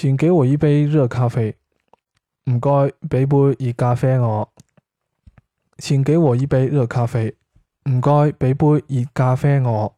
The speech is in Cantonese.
請給我一杯熱咖啡。唔該，俾杯熱咖啡我。請給我一杯熱咖啡。唔該，俾杯熱咖啡我。